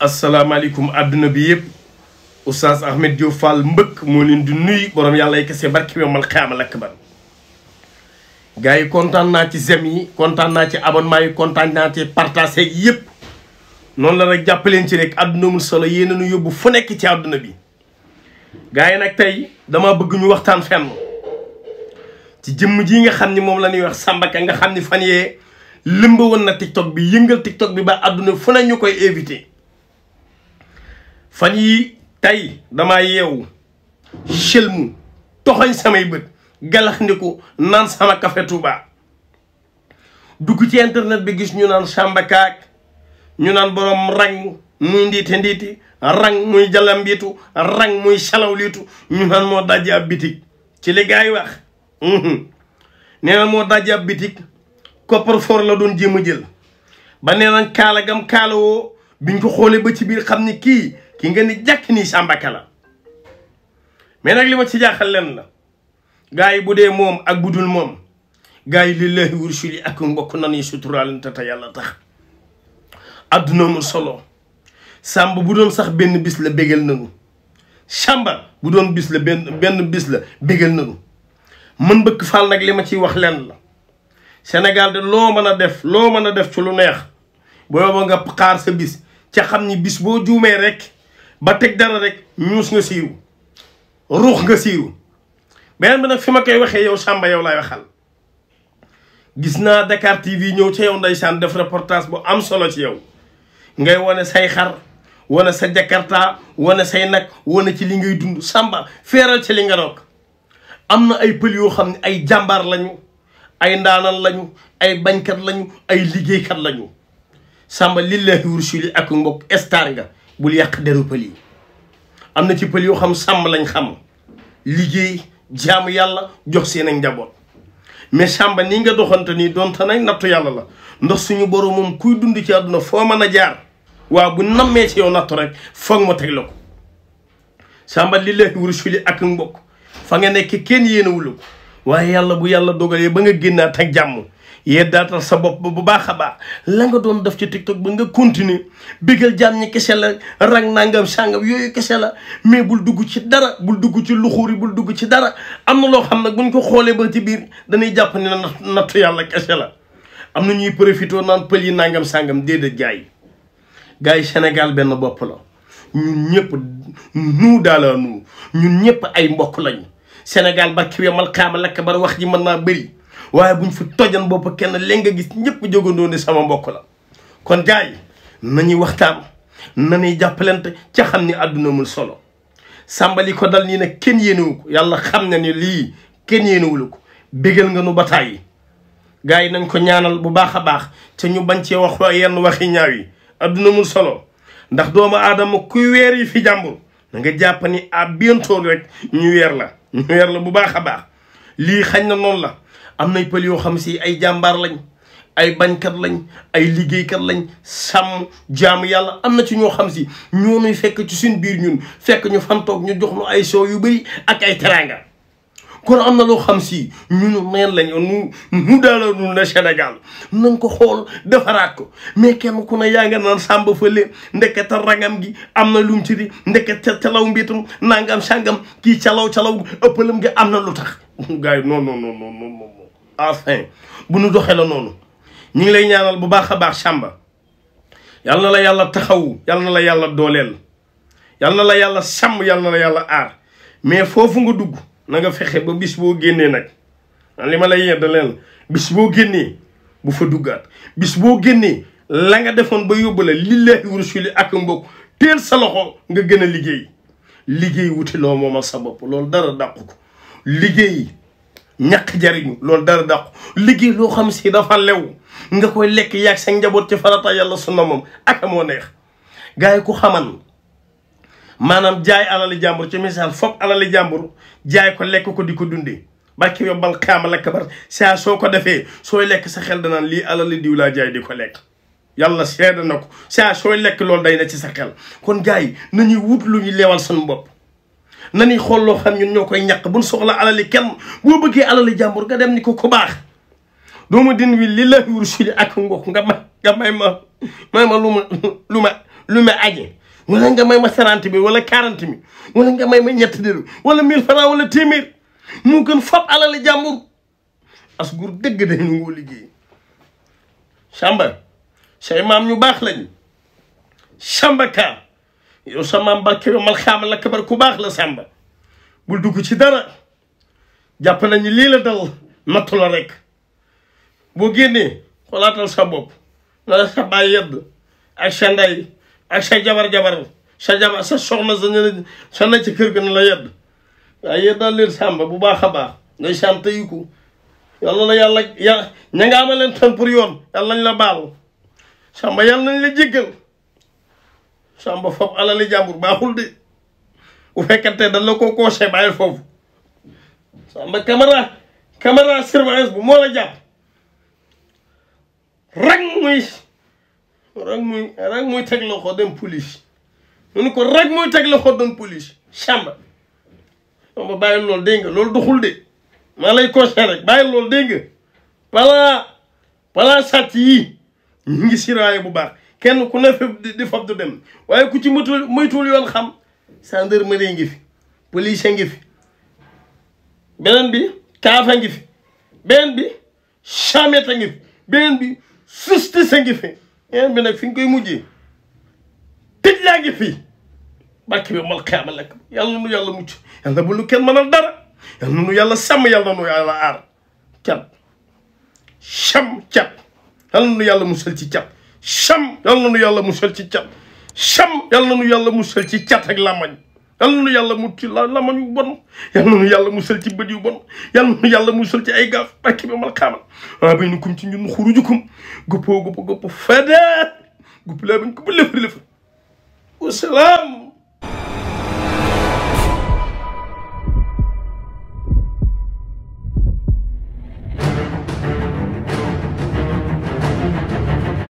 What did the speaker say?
asalaamaaleykum àdduna bi yëpp oustaz Ahmed Diop mbëkk moo leen di nuyu borom yàlla ay kese barki bi mal xaamal ak ban gars yi kontaan naa ci zem yi kontaan naa ci abonnement yi kontaan naa ci partagé yi yëpp noonu la nag jàppaleen ci rek àdduna mu solo yéen a nu yóbbu fu nekk ci àdduna bi gars yi nag tey dama bëgg ñu waxtaan fenn ci jëmm ji nga xam ni moom la ñuy wax Samba Ka nga xam ni fan yee lëmba woon na TikTok bi yëngal TikTok bi ba àdduna fu ne koy éviter fan yi tey damaa yeewu shelmu toxoñ samay bët galax ndiku naan sama café Touba dugg ci internet bi gis ñu naan Samba Kaak ñu naan borom rang muy ndiite ndiiti rang muy jalambiitu rang muy salawliitu ñu naan moo dajji ab bitig ci li gars wax mhm. nee na moo dajji ab bitig coffre la doon jéem a jël ba nee naan kaala gam kaala woo biñ ko xoolee ba ci biir xam ni kii ki nga ni jàkk nii sàmbake la mais nag li ma ci jaaxal leen la gars yi bu dee moom ak bu dul moom gars yi lillahi wursul ak mbokk nanuy suturaal te te yàlla tax àdduna mu solo sàmb bu doon sax benn bis la bégal nanu sàmba bu doon bis la benn benn bis la bégal nanu mën bëgg faal nag li ma ciy wax leen la Sénégal de loo mën a def loo mën a def ci lu neex booba nga xaar sa bis ca xam ni bis boo juumee rek ba teg dara rek ñuus nga siiru ruux nga siiru beneen bi nag fi ma koy waxee yow Samba yow laay waxal gis naa Dakar TV ñëw ca yow ndeysaan def reportage bu am solo ci yow ngay wane say xar wane sa jakarta wane say nag wane ci li ngay dund sàmba feeral ci li nga doog am na ay pël yoo xam ne ay jàmbaar lañu ay ndaanal lañu ay bañkat lañu ay liggéeykat lañu Samba lillahi wursuli ak mbokk star nga bul yàq der pël yi am na ci pël yoo xam sàmm lañ xam liggéey jaamu yàlla jox seen ak njaboot mais sàmba ni nga doxante nii donte nag nattu yàlla la ndax suñu borom moom kuy dund ci àdduna foo mën a jaar waaw bu nammee ci yow nattu rek foog ma teg la ko sàmba li lay suli ak mbokk fa nga nekk kenn yéenewula ko waaye yàlla bu yàlla dogalee ba nga génnaat ak jàmm yeddaatal sa bopp bu baax a baax la nga doon def ci tiktok ba nga continuer bégal jaam ñi kese la rang nangam sàngam yooyu kese la mais bul dugg ci dara bul dugg ci luxuur yi bul dugg ci dara am na loo xam na buñ ko xoolee ba ci biir danay jàpp ne na nattu yàlla kese la am na ñuy profité naan pël yi nàngam sàngam déedéet gaay gars yi Sénégal benn bopp la ñun ñëpp nuu daala nuu ñun ñëpp ay mbokk lañu Sénégal barki wemal malkaama lakk bar wax ji mën naa bëri waaye buñ fi tojan bopp kenn léegi nga gis ñëpp jógandoo ne sama mbokk la kon jaay nañuy waxtaan nañuy jàppalante ca xam ni àdduna mul solo sàmbali ko dal nii nag kenn yéenewu yàlla xam na lii kenn yéenewulu ko bégal nga nu bataay yi gars yi nañ ko ñaanal bu baax a baax te ñu bañ cee wax yenn waxi ñaaw yi àdduna mul solo ndax doomu aadama kuy weer yi fi jàmbur na nga jàpp ni à bientôt rek ñu weer la ñu yar bu baax a baax lii xañ na noon la am nay pël yoo xam si ay jàmbaar lañ ay bañkat lañ ay liggéeykat lañ sàmm jaamu yàlla am na ci ñoo xam si ñoo fekk ci suñ biir ñun fekk ñu fan ñu jox nu ay soo yu bëri ak ay teraanga. kon am na loo xam si ñun neen lañu nu nu daala la na Sénégal nañ ko xool defaraat ko mais kenn ku ne yaa nga naan sàmba fële ndekete rangam gi am na lum ci di ndekete calaw mbiitum nangam sàngam kii calaw calaw ëppalam gi am na lu tax gars yi non non non non non non bu nu doxee la noonu ñu ngi lay ñaanal bu baax a baax sàmba yal na la yàlla taxawu yal na la yàlla dooleel yal na la yàlla sàmm yal na la yàlla aar mais foofu nga dugg nanga fexe ba bis boo génnee nag ah, li ma lay yedd leen bis boo génnee bu fa duggaat bis boo génnee la nga defoon ba yóbbu la lillahi ak mbokk teel sa loxo nga gën a liggéey liggéey wuti loo moomal sa bopp loolu dara dàqu ko liggéey ñàkk jariñ lool dara dàqu liggéey loo xam si dafa lew nga koy lekk yaag sa njaboot ci farata yàlla sunna moom ak moo neex gars yi ku xaman maanaam jaay alali jàmbur ci misaal foog alali jàmbur jaay ko lekk ko di ko dundee bàkki yobbal xaama lakk bar saa soo ko defee sooy lekk sa xel danaan lii alali diw laa jaay di ko lekk yàlla seede na ko saa sooy lekk loolu day na ci sa xel kon jaay yi nañuy wut lu ñu leewal seen bopp nañuy xool loo xam ñun ñoo koy ñàq buñ soxla alali kenn boo bëggee alali jàmbur nga dem ni ko ko baax doomu din wi lii la wur suli ak ngox nga ma nga may ma may ma lu ma lu ma lu ma aje wala nga may ma trente mille wala quarante mille nga may ma ñetti dërëm wala mille francs wala téeméer mu gën fab alali jàmbur as gur dëgg dañ ñu ngoo liggéey Samba say maam ñu baax lañu Samba Ka yow sa maam barke yow mal xaama la kabar ku baax la Samba bul dugg ci dara jàpp nañu lii la dal nattu la rek boo génnee xolaatal sa bopp na la sa baay yedd ak sa ak say jabar-jabar sa jabar sa soxna sa ñeneen sa na ci kër ga na la yedd waaye yeddal leen sàmba bu baax a baax ngay sànte yi ko yàlla na yàlla ya ña nga ama leen tan pour yoon yàlla nañ la baal sàmba yàlla nañ la jéggal sàmba foofu alali jàmbur baaxul de bu fekkante dañ la ko koosee bàyyi foofu sàmba caméra caméra surveillance bu moo la jàpp rang muy rek muy rek muy teg loxo dem ko rek muy teg loxo dem police chamba ma bàyyi loolu dégg nga loolu doxul de ma lay conseillé rek bàyyi loolu dégg nga balaa balaa yi ñu ngi siraaye bu baax kenn ku ne fi di fab du dem waaye ku ci moytul moytul yoon xam gendarmerie ngi fi police ngi fi beneen bi kaafa ngi fi beneen bi chamette ngi fi beneen bi justice ngi fi yeneen bi nag fi ñu koy mujjee tëj laa ngi fii barke bi mal xeama lekk yàlla nu yàlla mucc yàlla bu nu kenn mënal dara yàlla nu yàlla sàmm yàlla nu yàlla aar cat cham cat yàlla nu yàlla musal ci cat cham yàlla nu yàlla musal ci cat cham yàlla nu yàlla musal ci cat ak làmmañ yal na nu yàlla mu ci la lamañ wu bon yal na nu yàlla mu sël ci bët yu bon yal na nu yàlla mu sël ci ay gaaf barki bi mal xaamal waa bay nu kum ci ñun xurujukum guppoo gupp gupp fada gupp laa bañ ko ba lëfër lëfër wasalaam